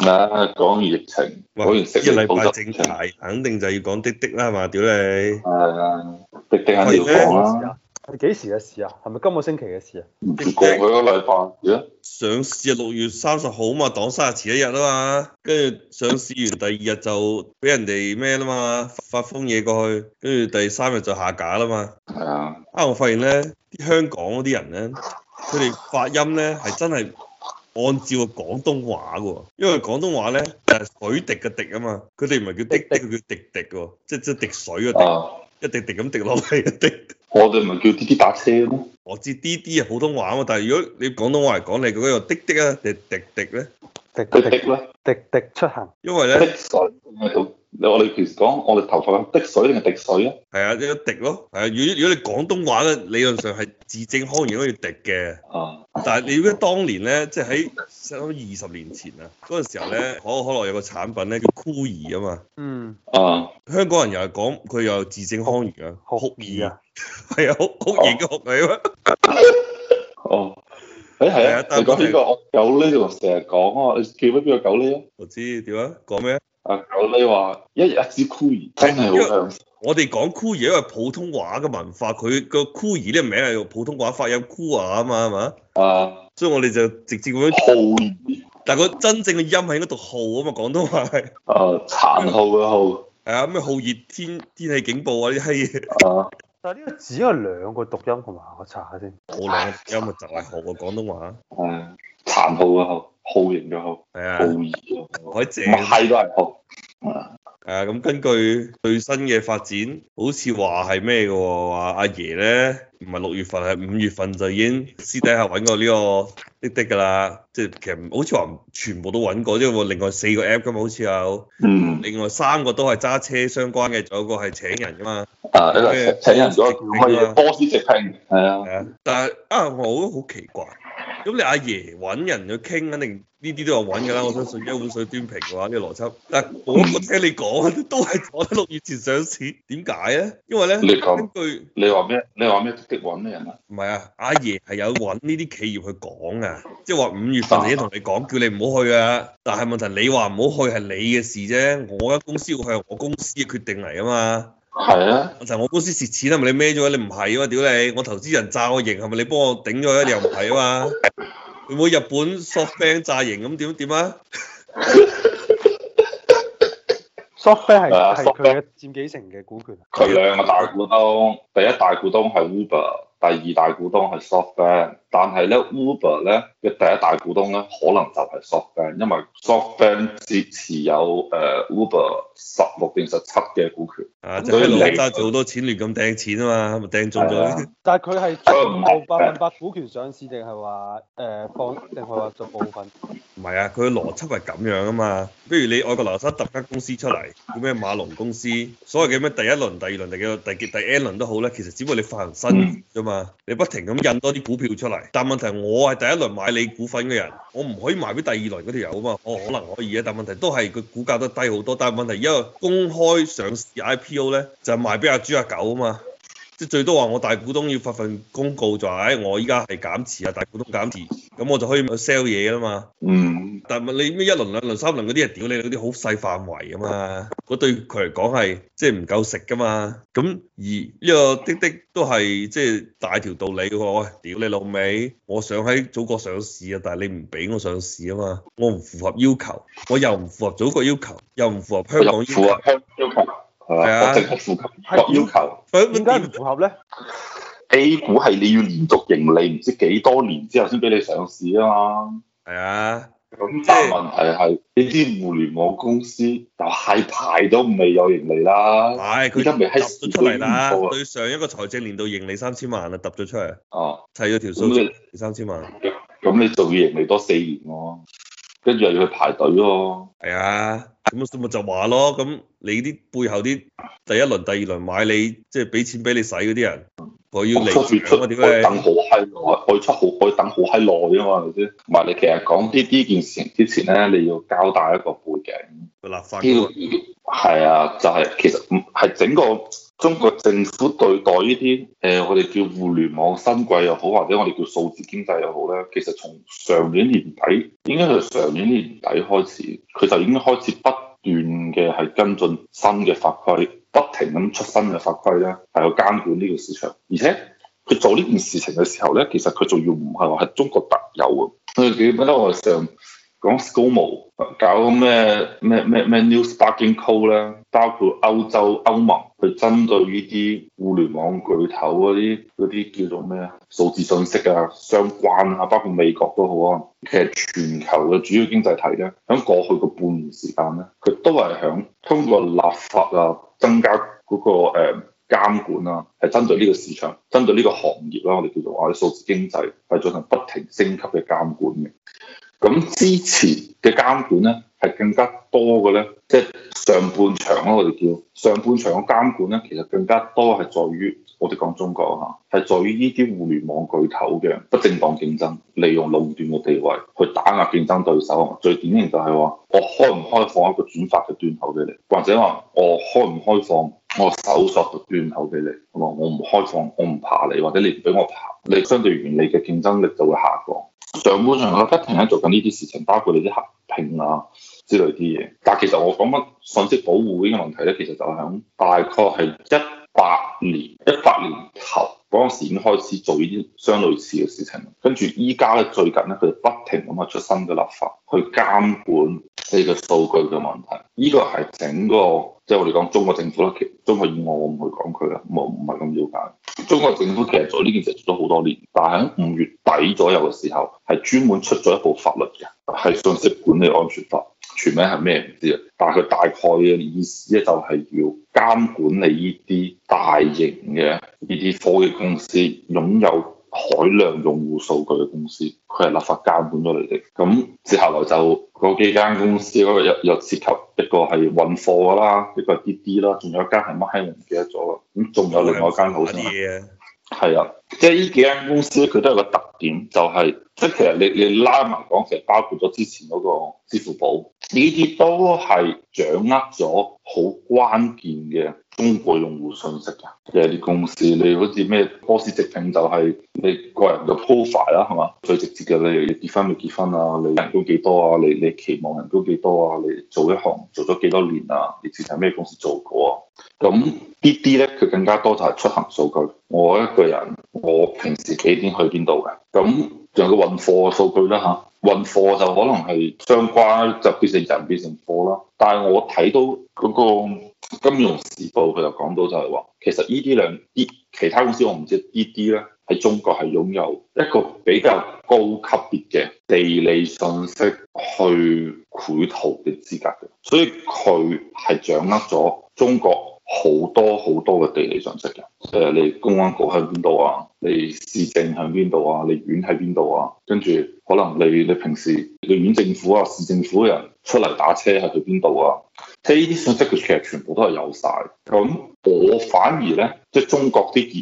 嗱，講疫情，情一禮拜正題，肯定就要講滴滴啦，係嘛？屌你，係啊，滴滴肯定要講啦、啊。係幾時嘅事啊？係咪今個星期嘅事啊？過佢個禮拜。上市六月三十號啊嘛，黨生日前一日啊嘛。跟住上市完第二日就俾人哋咩啦嘛，發封嘢過去，跟住第三日就下架啦嘛。係啊。啊！我發現咧，啲香港嗰啲人咧，佢哋發音咧係真係，按照廣東話喎，因為廣東話咧係水滴嘅滴啊嘛，佢哋唔係叫滴滴，佢叫滴滴喎，即係即係滴水嘅滴，啊、一滴滴咁滴落去，滴。滴，我哋唔係叫滴滴打車咩？我知滴滴係普通話嘛，但係如果你廣東話嚟講，你嗰個滴滴啊定滴滴咧？滴滴咧？滴滴出行。因為咧，在、嗯。嗯嗯嗯你我哋平時講，我哋頭髮咁滴水定係滴水啊？係啊，呢個滴咯。係啊，如果如果你廣東話咧，理論上係字正腔圓都要滴嘅。啊！但係你如果當年咧，即係喺差唔多二十年前啊，嗰陣時候咧，可口可樂有個產品咧叫酷兒啊嘛。嗯。啊！香港人又係講佢又字正腔圓啊，酷兒啊，係啊，好酷兒嘅酷嚟啊。哦。誒，係啊，你講呢個惡狗呢，就成日講啊，你叫乜邊個狗咧？我知，點啊？講咩啊？啊！咁你話一日一支酷兒，聽嚟好相似。我哋講酷兒，因為，因為普通話嘅文化，佢個酷兒呢個名係用普通話發音酷華啊嘛，係嘛？啊！所以我哋就直接咁樣酷義但係佢真正嘅音係應該讀酷啊嘛，廣東話係。啊！殘酷嘅酷。係啊，咩酷熱天天氣警報啊呢啲嘢。啊！啊 但係呢個字有兩個讀音，同埋我查下先。有兩個音就係酷嘅廣東話。係啊、嗯，殘酷嘅酷。酷型咗好，係啊，酷二咯，喺正，都係酷，係啊，咁根據最新嘅發展，好似話係咩嘅喎？話阿爺咧，唔係六月份係五月份就已經私底下揾過呢個滴滴㗎啦，即係其實唔好似話全部都揾過即喎，另外四個 app 嘅嘛，好似有，嗯，另外三個都係揸車相關嘅，仲有個係請人㗎嘛，啊，咩請人直聘啊，波士直聘，係啊，係啊，但係啊，我覺得好奇怪。咁你阿爺揾人去傾，肯定呢啲都有揾㗎啦。我相信一碗水端平嘅話，呢個邏輯。但我我聽你講都係喺六月前上市，點解咧？因為咧，根據你話咩？你話咩即揾咩人啊？唔係啊，阿爺係有揾呢啲企業去講啊，即係話五月份已經同你講，叫你唔好去啊。但係問題，你話唔好去係你嘅事啫，我間公司要去，我公司嘅決定嚟㗎嘛。係啊！就哋我，我公司蝕錢係咪你孭咗？你唔係啊嘛，屌你！我投資人炸我盈係咪你幫我頂咗？你又唔係啊嘛？有冇日本 SoftBank 炸盈咁點點啊？SoftBank 係，係佢佔幾成嘅股權？佢兩個 是、uh, soft 大股東，第一大股東係 Uber，第二大股東係 SoftBank。但係咧，Uber 咧嘅第一大股東咧，可能就係 SoftBank，因為 SoftBank 接持有誒、uh, Uber 十六定十七嘅股權。啊！就啲老闆揸住好多錢亂咁掟錢啊嘛，咪掟中咗。但係佢係全部百分百股權上市定係話誒放定係話做部分？唔係啊，佢嘅邏輯係咁樣啊嘛。不如你外國老闆出揼間公司出嚟叫咩馬龍公司，所謂嘅咩第一輪、第二輪第幾多第幾第，第 N 輪都好咧，其實只不過你發行新啫嘛。你不停咁印多啲股票出嚟，但係問題是我係第一輪買你股份嘅人，我唔可以賣俾第二輪嗰條友啊嘛。我可能可以啊，但係問題都係佢股價都低好多。但係問題因為公開上市 IP P.O. 咧就賣俾阿豬阿狗啊嘛，即係最多話我大股東要發份公告就係、哎、我依家係減持啊，大股東減持，咁我就可以去 sell 嘢啦嘛。嗯。但係你咩一輪兩輪三輪嗰啲啊？屌你嗰啲好細範圍啊嘛，我對佢嚟講係即係唔夠食噶嘛。咁而呢個滴滴都係即係大條道理喎，屌你老味，我想喺祖國上市啊，但係你唔俾我上市啊嘛，我唔符合要求，我又唔符合祖國要求，又唔符合香港要求。係啊，即係符合要求。佢點解唔符合咧？A 股係你要連續盈利唔知幾多年之後先俾你上市啊嘛。係啊。咁但係問題係呢啲互聯網公司，就係排都未有盈利啦。排佢而家未喺出嚟啦。對上一個財政年度盈利三千萬啊，揼咗出嚟。哦，砌咗條數，三千萬。咁你仲要盈利多四年喎？跟住又要去排隊喎。係啊。咁咪就話咯，咁你啲背後啲第一輪、第二輪買你，即係俾錢俾你使嗰啲人，我要嚟，點解等好係耐？可以出好，可以等好閪耐啊嘛，係咪先？唔係、啊、你，你其實講呢啲件事情之前咧，你要交代一個背景，個立法。要係啊，就係、是、其實係整個中國政府對待呢啲誒，我哋叫互聯網新貴又好，或者我哋叫數字經濟又好咧，其實從上年年底，應該係上年年底開始，佢就已經開始段嘅係跟進新嘅法規，不停咁出新嘅法規咧，係去監管呢個市場。而且佢做呢件事情嘅時候咧，其實佢仲要唔係話係中國特有啊。誒，記得我上。講 g o m 搞咩咩咩 Newsparking Call 咧，包括歐洲歐盟去針對呢啲互聯網巨頭嗰啲啲叫做咩數字信息啊相關啊，包括美國都好啊，其實全球嘅主要經濟體咧，響過去嘅半年時間咧，佢都係響通過立法啊，增加嗰個誒監管啊，係針對呢個市場，針對呢個行業啦，啊，我哋叫做話數字經濟，係進行不停升級嘅監管嘅。咁之前嘅監管咧係更加多嘅咧，即係上半場咯，我哋叫上半場嘅監管咧，其實更加多係在於我哋講中國嚇，係在於呢啲互聯網巨頭嘅不正當競爭，利用壟斷嘅地位去打壓競爭對手。最典型就係話，我開唔開放一個轉發嘅端口俾你，或者話我開唔開放我搜索嘅端口俾你，我唔開放，我唔爬你，或者你唔俾我爬。你相對原理嘅競爭力就會下降。上半場我不停喺做緊呢啲事情，包括你啲合併啊之類啲嘢。但係其實我講緊信息保護呢個問題咧，其實就係響大概係一八年一八年頭嗰陣時已經開始做呢啲相類似嘅事情。跟住依家咧，最近咧，佢不停咁樣出新嘅立法去監管你嘅數據嘅問題。呢、呢個係整個。即係我哋講中國政府啦，中國以外我唔去講佢啦，我唔係咁了解。中國政府其實做呢件事做咗好多年，但係喺五月底左右嘅時候，係專門出咗一部法律嘅，係信息管理安全法，全名係咩唔知啊，但係佢大概嘅意思咧就係要監管你呢啲大型嘅呢啲科技公司擁有海量用戶數據嘅公司，佢係立法監管咗你哋。咁接下來就嗰幾間公司嗰個又涉及一個係運貨啦，一個係滴滴啦，仲有一間係乜閪我唔記得咗啦。咁仲有另外一間好新嘅。滴滴啊！係啊，即係呢幾間公司佢都有個特點，就係、是、即係其實你你拉埋講，其實包括咗之前嗰個支付寶呢啲都係掌握咗好關鍵嘅。中國用戶信息嘅，即係啲公司，你好似咩波士直聘就係你個人嘅 profile 啦，係嘛？最直接嘅，你結婚未結婚啊？你人工幾多啊？你你期望人工幾多啊？你做一行做咗幾多年啊？你之前喺咩公司做過啊？咁呢啲咧，佢更加多就係出行數據。我一個人，我平時幾點去邊度嘅？咁仲有個運貨嘅數據啦，吓。運貨就可能係相關，就變成人變成貨啦。但係我睇到嗰個《金融時報》，佢就講到就係話，其實呢啲兩啲其他公司，我唔知呢啲咧喺中國係擁有一個比較高級別嘅地理信息去繪圖嘅資格嘅，所以佢係掌握咗中國好多好多嘅地理信息嘅。誒，你公安局喺邊度啊？你市政喺邊度啊？你縣喺邊度啊？跟住可能你你平時你縣政府啊、市政府嘅人出嚟打車係去邊度啊？即係呢啲信息佢其實全部都係有晒。咁我反而咧，即係中國啲熱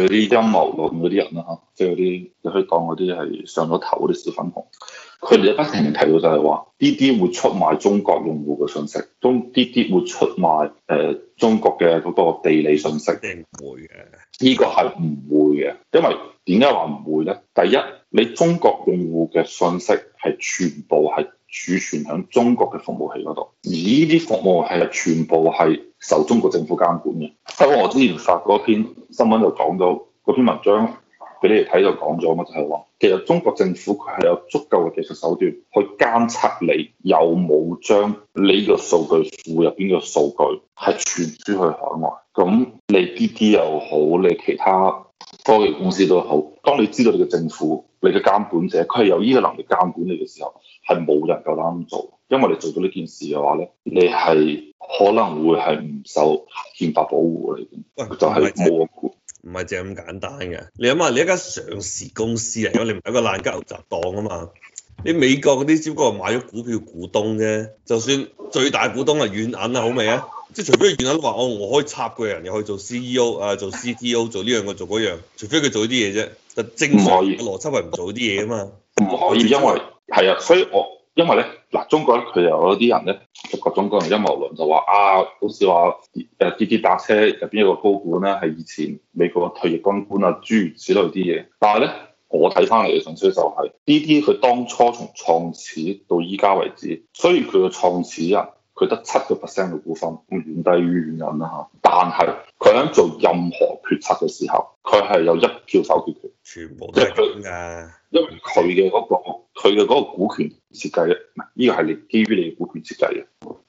血嘅啲陰謀論嗰啲人啦，即係啲你可以講嗰啲係上咗頭嗰啲小粉紅，佢哋不停地提到就係話滴滴會出賣中國用戶嘅信息，中滴滴會出賣誒、呃、中國嘅嗰個地理信息，一定會嘅。呢個係唔會嘅，因為點解話唔會呢？第一，你中國用戶嘅信息係全部係儲存響中國嘅服務器嗰度，而呢啲服務器係全部係受中國政府監管嘅。不過我之前發過嗰篇新聞就講到嗰篇文章。俾你哋睇就講咗嘛，就係話其實中國政府佢係有足夠嘅技術手段去監測你又有冇將你個數據庫入邊嘅數據係傳輸去海外，咁你滴滴又好，你其他科技公司都好，當你知道你嘅政府、你嘅監管者佢係有呢個能力監管你嘅時候，係冇人夠膽做，因為你做到呢件事嘅話咧，你係可能會係唔受憲法保護嚟嘅，就係冇。嗯嗯嗯唔係淨係咁簡單嘅，你諗下，你一家上市公司啊，如果你唔係一個爛雞牛雜檔啊嘛。你美國嗰啲只不過買咗股票股東啫，就算最大股東係軟銀啊，好未啊？即係除非軟銀話哦，我可以插個人，又可以做 CEO 啊，做 CTO 做呢樣我做嗰樣，除非佢做啲嘢啫，但正常嘅邏輯係唔做啲嘢啊嘛。唔可以因為係啊，所以我因為咧。嗱，中國咧佢又有啲人咧，各種各樣陰謀論就話啊，好似話誒滴滴打車入邊一個高管咧，係以前美國嘅退役軍官啊諸如此類啲嘢。但係咧，我睇翻嚟嘅信息就係滴滴佢當初從創始到依家為止，雖然佢嘅創始人佢得七個 percent 嘅股份，遠低於現任啦嚇。但係佢喺做任何決策嘅時候，佢係有一票否決權，全部都係佢㗎。因為佢嘅嗰個佢嘅嗰個股權，設計嘅，呢個係你基於你嘅股票設計嘅，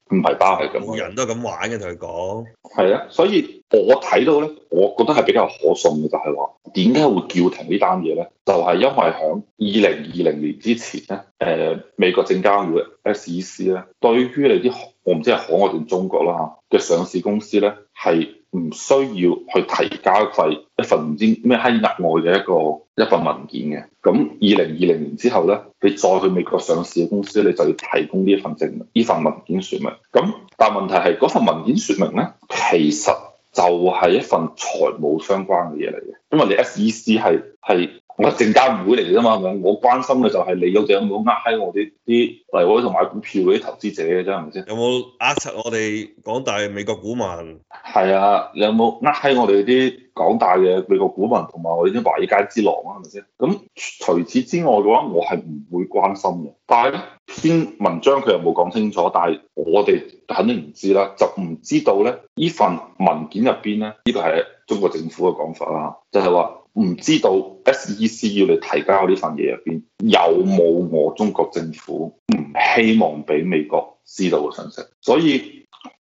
唔係包係咁人都咁玩嘅，同佢講係啊，所以我睇到咧，我覺得係比較可信嘅，就係話點解會叫停呢單嘢咧？就係因為喺二零二零年之前咧，誒、呃、美國證監會 SEC 咧，對於你啲我唔知係海外定中國啦嚇嘅上市公司咧，係唔需要去提交費一份唔知咩閪額外嘅一個。一份文件嘅，咁二零二零年之後咧，你再去美國上市嘅公司，你就要提供呢份證，呢份文件説明。咁但問題係嗰份文件説明咧，其實就係一份財務相關嘅嘢嚟嘅，因為你 SEC 係，係。我證監會唔會嚟啫嘛，我關心嘅就係你有冇有冇呃喺我啲啲嚟嗰啲同買股票嗰啲投資者嘅啫，係咪先？有冇呃柒我哋廣大嘅美國股民？係啊，有冇呃喺我哋啲廣大嘅美國股民同埋我哋啲華爾街之狼啊，係咪先？咁除此之外嘅話，我係唔會關心嘅。但係呢篇文章佢又冇講清楚，但係我哋肯定唔知啦，就唔知道咧呢份文件入邊咧呢個係中國政府嘅講法啦，就係、是、話。唔知道 SEC 要你提交呢份嘢入邊有冇我中國政府唔希望俾美國知道嘅信息，所以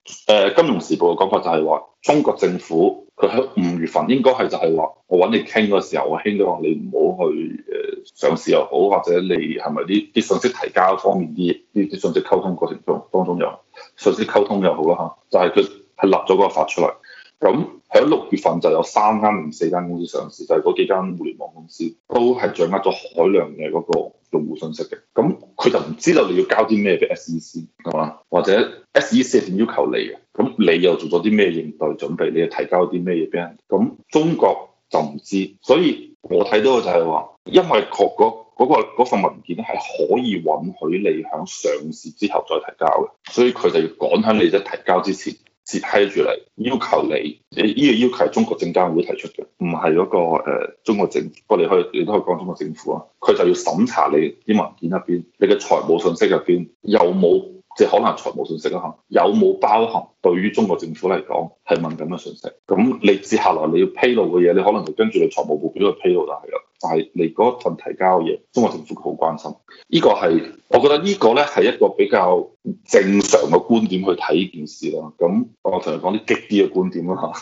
誒、呃《金融時報》嘅講法就係話中國政府佢喺五月份應該係就係話我揾你傾嗰時候，我傾咗話你唔好去誒、呃、上市又好，或者你係咪啲啲信息提交方面啲啲啲信息溝通過程中當中有信息溝通又好啦嚇、啊，就係佢係立咗個法出嚟。咁喺六月份就有三間定四間公司上市，就係、是、嗰幾間互聯網公司，都係掌握咗海量嘅嗰個用戶信息嘅。咁佢就唔知道你要交啲咩俾 SEC 啊，或者 SEC 點要求你嘅，咁你又做咗啲咩應對準備，你又提交啲咩嘢俾人？咁中國就唔知，所以我睇到嘅就係話，因為確、那、嗰、個那個、份文件咧係可以允許你響上市之後再提交嘅，所以佢就要趕喺你一提交之前。接閂住嚟要求你，呢、這個要求係中國證監會提出嘅，唔係嗰個中國政府，我哋可以你都可以講中國政府啊。佢就要審查你啲文件入邊，你嘅財務信息入邊有冇即係可能財務信息啊，有冇包含對於中國政府嚟講係敏感嘅信息。咁你接下來你要披露嘅嘢，你可能就跟住你財務報表去披露就係啦。但係你嗰份提交嘅嘢，中國政府好關心。呢、這個係我覺得呢個咧係一個比較。正常嘅觀點去睇呢件事咯，咁我同你講啲激啲嘅觀點啦，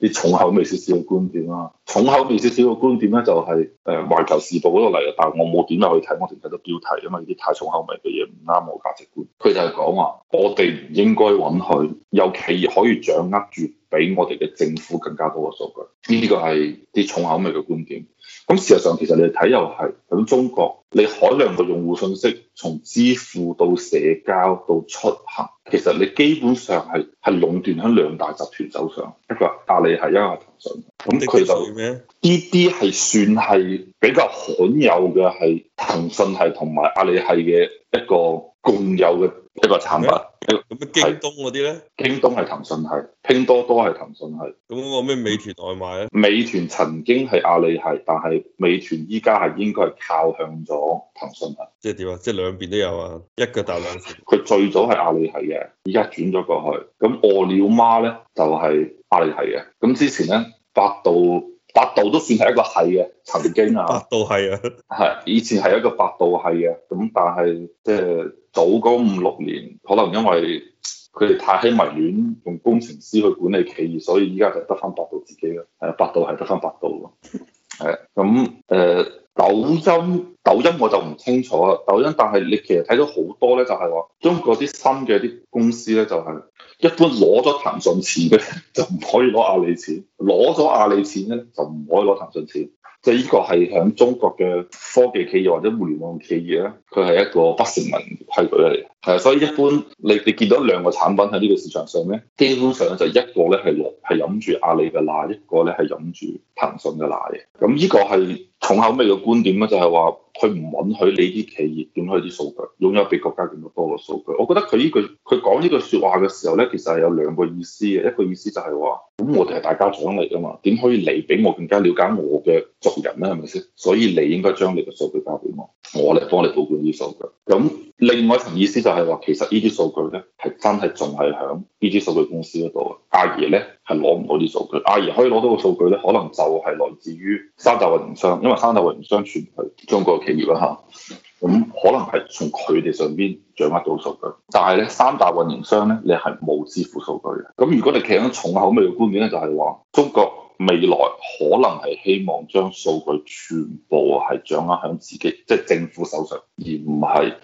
啲 重口味少少嘅觀點啦、啊，重口味少少嘅觀點咧就係、是、誒、欸《環球時報》嗰度嚟嘅，但係我冇點樣去睇，我淨睇到標題，因為呢啲太重口味嘅嘢唔啱我價值觀。佢就係講話我哋唔應該允許有企業可以掌握住比我哋嘅政府更加多嘅數據，呢個係啲重口味嘅觀點。咁事實上其實你睇又係，響中國。你海量嘅用戶信息，從支付到社交到出行，其實你基本上係係壟斷喺兩大集團手上，一個阿里系，一個騰訊。咁佢就呢啲係算係比較罕有嘅，係騰訊系同埋阿里系嘅一個共有嘅。一個產品，咁咩京東嗰啲咧？京東係騰訊係，拼多多係騰訊係。咁嗰個咩美團外賣咧？美團曾經係阿里係，但係美團依家係應該係靠向咗騰訊啦。即係點啊？即係兩邊都有啊，一腳踏兩船。佢最早係阿里係嘅，依家轉咗過去。咁餓了麼咧就係、係、阿里係嘅。咁之前咧百度。百度都算係一個係嘅，曾經啊，百度係啊，係以前係一個百度係嘅，咁但係即係早嗰五六年，可能因為佢哋太起迷戀用工程師去管理企業，所以依家就得翻百度自己咯。係，百度係得翻百度係咁誒，抖音抖音我就唔清楚啊，抖音但係你其實睇到好多咧，就係話中國啲新嘅啲公司咧，就係、是。一般攞咗騰訊錢嘅 就唔可以攞阿里錢，攞咗阿里錢咧就唔可以攞騰訊錢，即係呢個係喺中國嘅科技企業或者互聯網企業咧，佢係一個不成文規矩嚟，係啊，所以一般你你見到兩個產品喺呢個市場上咧，基本上就一個咧係攞係飲住阿里嘅奶，一個咧係飲住騰訊嘅奶，咁呢個係重口味嘅觀點咧，就係話。佢唔允許你啲企業，擁有啲數據擁有比國家更多嘅數據。我覺得佢呢句，佢講呢句説話嘅時候咧，其實係有兩個意思嘅，一個意思就係話。咁我哋係大家長嚟噶嘛，點可以你比我更加了解我嘅族人咧？係咪先？所以你應該將你嘅數據交俾我，我嚟幫你保管啲數據。咁另外一層意思就係話，其實呢啲數據咧係真係仲係響呢啲數據公司嗰度，阿爺咧係攞唔到啲數據，阿爺可以攞到嘅數據咧，可能就係來自於三大運營商，因為三大運營商全係中國嘅企業啦吓。咁、嗯、可能係從佢哋上邊掌握到數據，但係咧三大運營商咧，你係冇支付數據嘅。咁、嗯、如果你企喺重口味嘅觀點咧，就係話中國未來可能係希望將數據全部係掌握喺自己，即、就、係、是、政府手上，而唔係。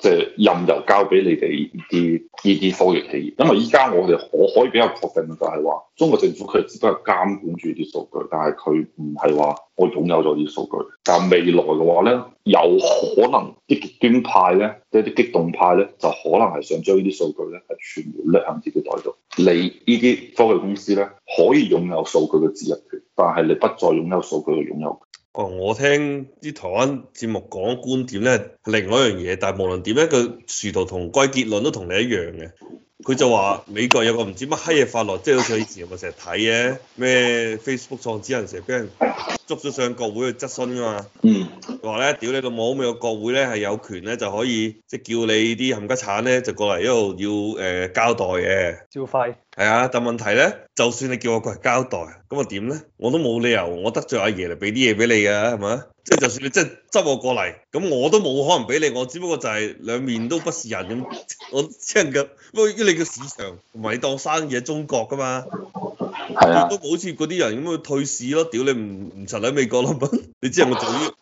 即係任由交俾你哋啲呢啲科技企業，因為依家我哋可可以比較確定嘅就係話，中國政府佢係只不過監管住啲數據，但係佢唔係話我擁有咗啲數據。但係未來嘅話咧，有可能啲極端派咧，即係啲激動派咧，就可能係想將呢啲數據咧係全部掠向自己袋度。你呢啲科技公司咧可以擁有數據嘅自由權，但係你不再擁有數據嘅擁有權。哦，我聽啲台灣節目講觀點咧係另外一樣嘢，但係無論點樣，佢殊途同歸結論都同你一樣嘅。佢就話美國有個唔知乜閪嘢法律，即係好似我以前咪成日睇嘅，咩 Facebook 創始人成日俾人捉咗上國會去質詢㗎嘛。嗯。話咧，屌你老母，美國，國會咧係有權咧就可以，即係叫你啲冚家產咧就過嚟一路要、呃、交代嘅。照快，係啊，但問題呢，就算你叫我過嚟交代，咁啊點呢？我都冇理由我得罪阿爺嚟俾啲嘢俾你㗎，係咪啊？即係就算你真執我過嚟，咁我都冇可能俾你，我只不過就係兩面都不是人咁，我只係嘅，不過依你嘅市場唔係當生意喺中國㗎嘛，最多、啊、好似嗰啲人咁去退市咯，屌你唔唔實喺美國咯，你知能夠做呢。